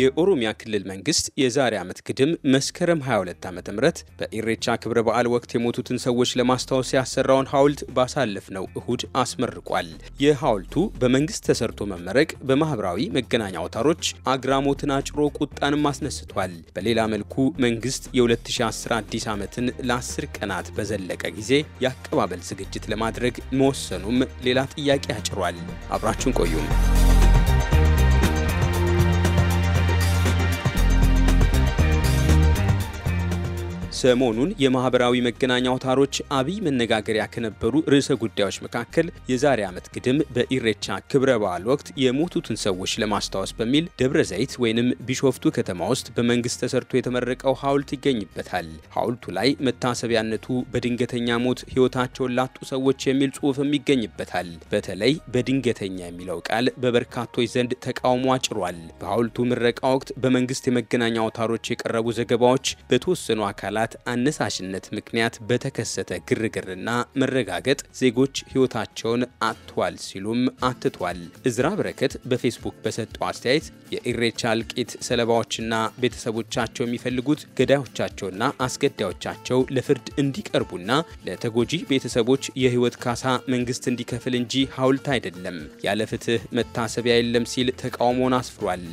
የኦሮሚያ ክልል መንግስት የዛሬ ዓመት ግድም መስከረም 22 ዓ ም በኢሬቻ ክብረ በዓል ወቅት የሞቱትን ሰዎች ለማስታወስ ያሰራውን ሐውልት ባሳለፍነው እሁድ አስመርቋል። የሐውልቱ በመንግስት ተሰርቶ መመረቅ በማህበራዊ መገናኛ አውታሮች አግራሞትን አጭሮ ቁጣንም አስነስቷል። በሌላ መልኩ መንግስት የ2010 አዲስ ዓመትን ለ10 ቀናት በዘለቀ ጊዜ የአቀባበል ዝግጅት ለማድረግ መወሰኑም ሌላ ጥያቄ አጭሯል። አብራችሁን ቆዩም። ሰሞኑን የማህበራዊ መገናኛ አውታሮች አብይ መነጋገሪያ ከነበሩ ርዕሰ ጉዳዮች መካከል የዛሬ ዓመት ግድም በኢሬቻ ክብረ በዓል ወቅት የሞቱትን ሰዎች ለማስታወስ በሚል ደብረ ዘይት ወይንም ቢሾፍቱ ከተማ ውስጥ በመንግስት ተሰርቶ የተመረቀው ሐውልት ይገኝበታል። ሐውልቱ ላይ መታሰቢያነቱ በድንገተኛ ሞት ህይወታቸውን ላጡ ሰዎች የሚል ጽሑፍም ይገኝበታል። በተለይ በድንገተኛ የሚለው ቃል በበርካቶች ዘንድ ተቃውሞ አጭሯል። በሐውልቱ ምረቃ ወቅት በመንግስት የመገናኛ አውታሮች የቀረቡ ዘገባዎች በተወሰኑ አካላት ጥቃት አነሳሽነት ምክንያት በተከሰተ ግርግርና መረጋገጥ ዜጎች ሕይወታቸውን አጥቷል ሲሉም አትቷል። እዝራ በረከት በፌስቡክ በሰጠው አስተያየት የኢሬቻ እልቂት ሰለባዎችና ቤተሰቦቻቸው የሚፈልጉት ገዳዮቻቸውና አስገዳዮቻቸው ለፍርድ እንዲቀርቡና ለተጎጂ ቤተሰቦች የህይወት ካሳ መንግስት እንዲከፍል እንጂ ሐውልት አይደለም፣ ያለ ፍትህ መታሰቢያ የለም ሲል ተቃውሞውን አስፍሯል።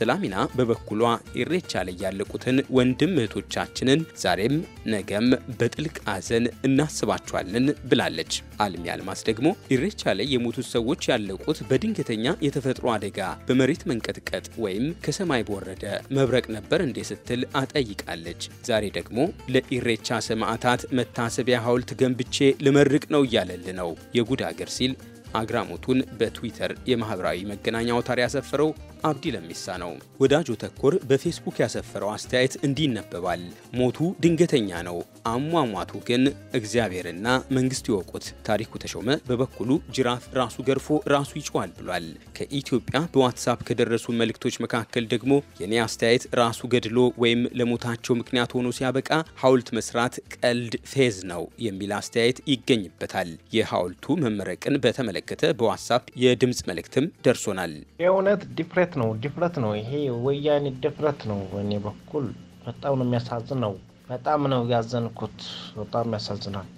ሰላሚና በበኩሏ ኢሬቻ ላይ ያለቁትን ወንድም እህቶቻችንን ዛሬ ዛሬም ነገም በጥልቅ አዘን እናስባቸዋለን ብላለች። አልሚ አልማስ ደግሞ ኢሬቻ ላይ የሞቱት ሰዎች ያለቁት በድንገተኛ የተፈጥሮ አደጋ፣ በመሬት መንቀጥቀጥ ወይም ከሰማይ በወረደ መብረቅ ነበር እንዴ ስትል አጠይቃለች። ዛሬ ደግሞ ለኢሬቻ ሰማዕታት መታሰቢያ ሐውልት ገንብቼ ልመርቅ ነው እያለል ነው የጉድ አገር ሲል አግራሞቱን በትዊተር የማህበራዊ መገናኛ አውታር ያሰፈረው አብዲ ለሚሳ ነው። ወዳጆ ተኮር በፌስቡክ ያሰፈረው አስተያየት እንዲህ ይነበባል። ሞቱ ድንገተኛ ነው፣ አሟሟቱ ግን እግዚአብሔርና መንግስት ይወቁት። ታሪኩ ተሾመ በበኩሉ ጅራፍ ራሱ ገርፎ ራሱ ይጮዋል ብሏል። ከኢትዮጵያ በዋትሳፕ ከደረሱ መልእክቶች መካከል ደግሞ የኔ አስተያየት ራሱ ገድሎ ወይም ለሞታቸው ምክንያት ሆኖ ሲያበቃ ሐውልት መስራት ቀልድ ፌዝ ነው የሚል አስተያየት ይገኝበታል። የሐውልቱ መመረቅን በተመለከተ በዋትሳፕ የድምፅ መልእክትም ደርሶናል። የእውነት ዲፕሬት ነው ድፍረት ነው። ይሄ ወያኔ ድፍረት ነው። እኔ በኩል በጣም ነው የሚያሳዝን ነው። በጣም ነው ያዘንኩት። በጣም ያሳዝናል።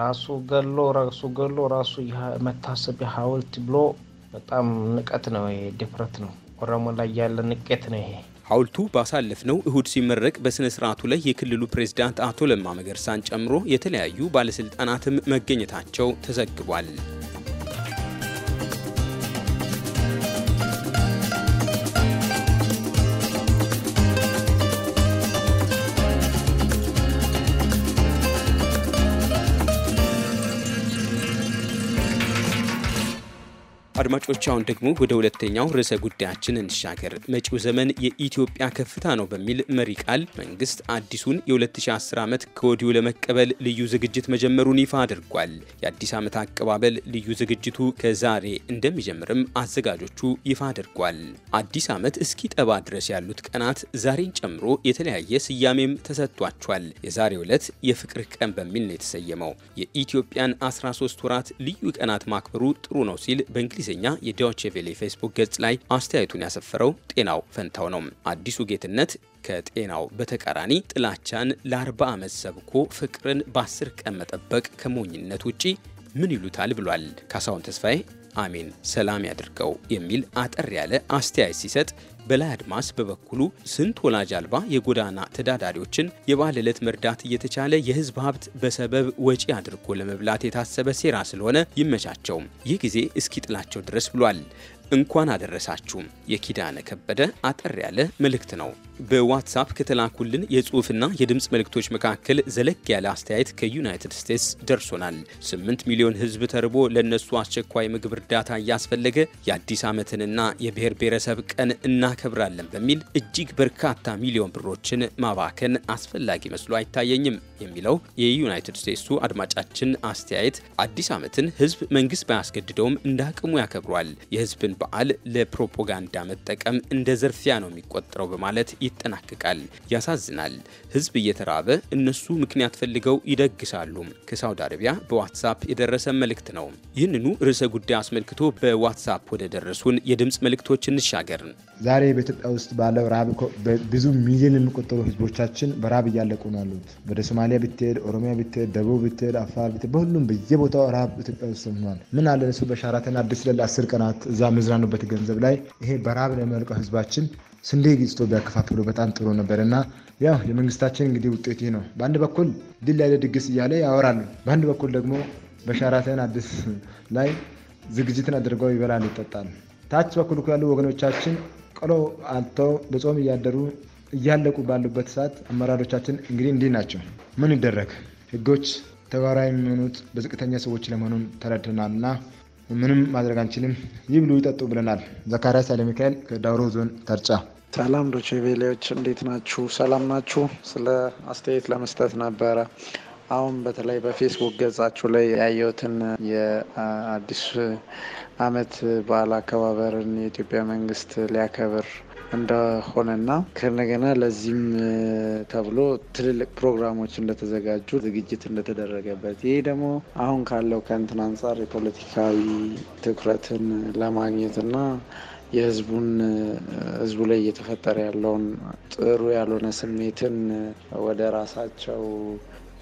ራሱ ገሎ ራሱ ገሎ ራሱ መታሰቢያ ሀውልት ብሎ በጣም ንቀት ነው። ይሄ ድፍረት ነው። ኦሮሞ ላይ ያለ ንቀት ነው ይሄ። ሐውልቱ ባሳለፍነው እሁድ ሲመረቅ በሥነ ሥርዓቱ ላይ የክልሉ ፕሬዝዳንት አቶ ለማ መገርሳን ጨምሮ የተለያዩ ባለሥልጣናትም መገኘታቸው ተዘግቧል። አድማጮች አሁን ደግሞ ወደ ሁለተኛው ርዕሰ ጉዳያችን እንሻገር። መጪው ዘመን የኢትዮጵያ ከፍታ ነው በሚል መሪ ቃል መንግስት አዲሱን የ2010 ዓመት ከወዲሁ ለመቀበል ልዩ ዝግጅት መጀመሩን ይፋ አድርጓል። የአዲስ ዓመት አቀባበል ልዩ ዝግጅቱ ከዛሬ እንደሚጀምርም አዘጋጆቹ ይፋ አድርጓል። አዲስ ዓመት እስኪ ጠባ ድረስ ያሉት ቀናት ዛሬን ጨምሮ የተለያየ ስያሜም ተሰጥቷቸዋል። የዛሬ ዕለት የፍቅር ቀን በሚል ነው የተሰየመው። የኢትዮጵያን 13 ወራት ልዩ ቀናት ማክበሩ ጥሩ ነው ሲል በእንግሊዝ በእንግሊዝኛ የዶቼ ቬሌ ፌስቡክ ገጽ ላይ አስተያየቱን ያሰፈረው ጤናው ፈንታው ነው። አዲሱ ጌትነት ከጤናው በተቃራኒ ጥላቻን ለአርባ ዓመት ሰብኮ ፍቅርን በአስር ቀን መጠበቅ ከሞኝነት ውጪ ምን ይሉታል ብሏል። ካሳሁን ተስፋዬ አሜን ሰላም ያድርገው የሚል አጠር ያለ አስተያየት ሲሰጥ በላይ አድማስ በበኩሉ ስንት ወላጅ አልባ የጎዳና ተዳዳሪዎችን የበዓል ዕለት መርዳት እየተቻለ የህዝብ ሀብት በሰበብ ወጪ አድርጎ ለመብላት የታሰበ ሴራ ስለሆነ ይመቻቸውም፣ ይህ ጊዜ እስኪጥላቸው ድረስ ብሏል። እንኳን አደረሳችሁ። የኪዳነ ከበደ አጠር ያለ መልእክት ነው። በዋትሳፕ ከተላኩልን የጽሑፍና የድምፅ መልእክቶች መካከል ዘለግ ያለ አስተያየት ከዩናይትድ ስቴትስ ደርሶናል። ስምንት ሚሊዮን ህዝብ ተርቦ ለእነሱ አስቸኳይ ምግብ እርዳታ እያስፈለገ የአዲስ ዓመትንና የብሔር ብሔረሰብ ቀን እና እናከብራለን በሚል እጅግ በርካታ ሚሊዮን ብሮችን ማባከን አስፈላጊ መስሎ አይታየኝም የሚለው የዩናይትድ ስቴትሱ አድማጫችን አስተያየት አዲስ ዓመትን ህዝብ መንግስት ባያስገድደውም እንደ አቅሙ ያከብሯል። የህዝብን በዓል ለፕሮፓጋንዳ መጠቀም እንደ ዘርፊያ ነው የሚቆጠረው በማለት ይጠናቀቃል። ያሳዝናል። ህዝብ እየተራበ እነሱ ምክንያት ፈልገው ይደግሳሉ። ከሳውዲ አረቢያ በዋትሳፕ የደረሰ መልእክት ነው። ይህንኑ ርዕሰ ጉዳይ አስመልክቶ በዋትሳፕ ወደ ደረሱን የድምፅ መልእክቶች እንሻገር። ዛሬ በኢትዮጵያ ውስጥ ባለው ረሃብ ብዙ ሚሊዮን የሚቆጠሩ ህዝቦቻችን በረሃብ እያለቁ ነው ያሉት። ወደ ሶማሊያ ብትሄድ፣ ኦሮሚያ ብትሄድ፣ ደቡብ ብትሄድ፣ አፋር ብትሄድ፣ በሁሉም በየቦታው ረሃብ ኢትዮጵያ ውስጥ ሆኗል። ምን አለ እሱ በሻራተን አዲስ ለለ አስር ቀናት እዛ መዝናኑበት ገንዘብ ላይ ይሄ በረሃብ ለሚያልቀው ህዝባችን ስንዴ ግጽቶ ቢያከፋፍሉ በጣም ጥሩ ነበር እና ያው የመንግስታችን እንግዲህ ውጤት ይህ ነው። በአንድ በኩል ድል ያለ ድግስ እያለ ያወራሉ፣ በአንድ በኩል ደግሞ በሻራተን አዲስ ላይ ዝግጅትን አድርገው ይበላል ይጠጣል። ታች በኩል ያሉ ወገኖቻችን ቀሎ አልተው በጾም እያደሩ እያለቁ ባሉበት ሰዓት አመራሮቻችን እንግዲህ እንዲህ ናቸው። ምን ይደረግ ህጎች ተግባራዊ የሚሆኑት በዝቅተኛ ሰዎች ለመሆኑን ተረድተናል እና ምንም ማድረግ አንችልም። ይብሉ ይጠጡ ብለናል። ዘካርያስ ኃይለ ሚካኤል ከዳውሮ ዞን ተርጫ። ሰላም ዶችቬሌዎች እንዴት ናችሁ? ሰላም ናችሁ? ስለ አስተያየት ለመስጠት ነበረ። አሁን በተለይ በፌስቡክ ገጻችሁ ላይ ያየሁትን የአዲስ አመት በዓል አከባበርን የኢትዮጵያ መንግስት ሊያከብር እንደሆነና ከነገና ለዚህም ተብሎ ትልልቅ ፕሮግራሞች እንደተዘጋጁ ዝግጅት እንደተደረገበት ይህ ደግሞ አሁን ካለው ከእንትን አንጻር የፖለቲካዊ ትኩረትን ለማግኘትና የህዝቡን ህዝቡ ላይ እየተፈጠረ ያለውን ጥሩ ያልሆነ ስሜትን ወደ ራሳቸው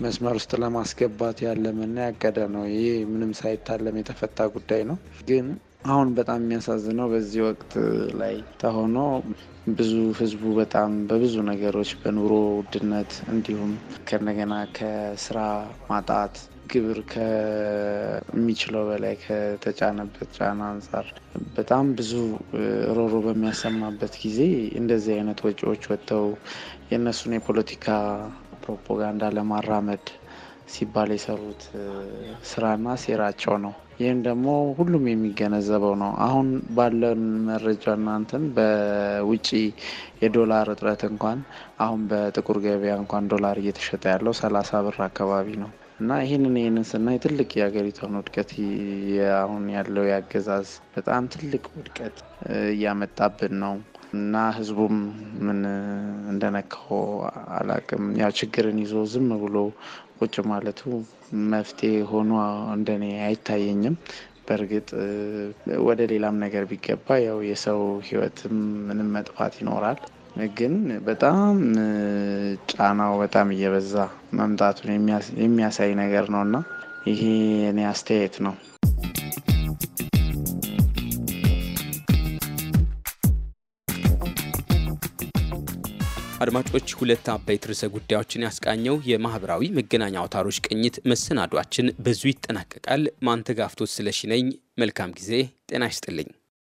መስመር ውስጥ ለማስገባት ያለመና ያቀደ ነው። ይሄ ምንም ሳይታለም የተፈታ ጉዳይ ነው። ግን አሁን በጣም የሚያሳዝነው በዚህ ወቅት ላይ ተሆኖ ብዙ ህዝቡ በጣም በብዙ ነገሮች በኑሮ ውድነት እንዲሁም ከእንደገና ከስራ ማጣት ግብር ከሚችለው በላይ ከተጫነበት ጫና አንጻር በጣም ብዙ ሮሮ በሚያሰማበት ጊዜ እንደዚህ አይነት ወጪዎች ወጥተው የእነሱን የፖለቲካ ፕሮፓጋንዳ ለማራመድ ሲባል የሰሩት ስራና ሴራቸው ነው። ይህም ደግሞ ሁሉም የሚገነዘበው ነው። አሁን ባለን መረጃ እናንተን በውጭ የዶላር እጥረት እንኳን አሁን በጥቁር ገበያ እንኳን ዶላር እየተሸጠ ያለው ሰላሳ ብር አካባቢ ነው እና ይህንን ይህንን ስናይ ትልቅ የሀገሪቷን ውድቀት አሁን ያለው የአገዛዝ በጣም ትልቅ ውድቀት እያመጣብን ነው። እና ህዝቡም ምን እንደነካው አላቅም። ያ ችግርን ይዞ ዝም ብሎ ቁጭ ማለቱ መፍትሄ ሆኖ እንደኔ አይታየኝም። በእርግጥ ወደ ሌላም ነገር ቢገባ ያው የሰው ህይወትም ምንም መጥፋት ይኖራል። ግን በጣም ጫናው በጣም እየበዛ መምጣቱን የሚያሳይ ነገር ነው እና ይሄ እኔ አስተያየት ነው። አድማጮች ሁለት አበይት ርዕሰ ጉዳዮችን ያስቃኘው የማህበራዊ መገናኛ አውታሮች ቅኝት መሰናዷችን በዙ ይጠናቀቃል። ማንተጋፍቶት ስለሺ ነኝ። መልካም ጊዜ። ጤና ይስጥልኝ።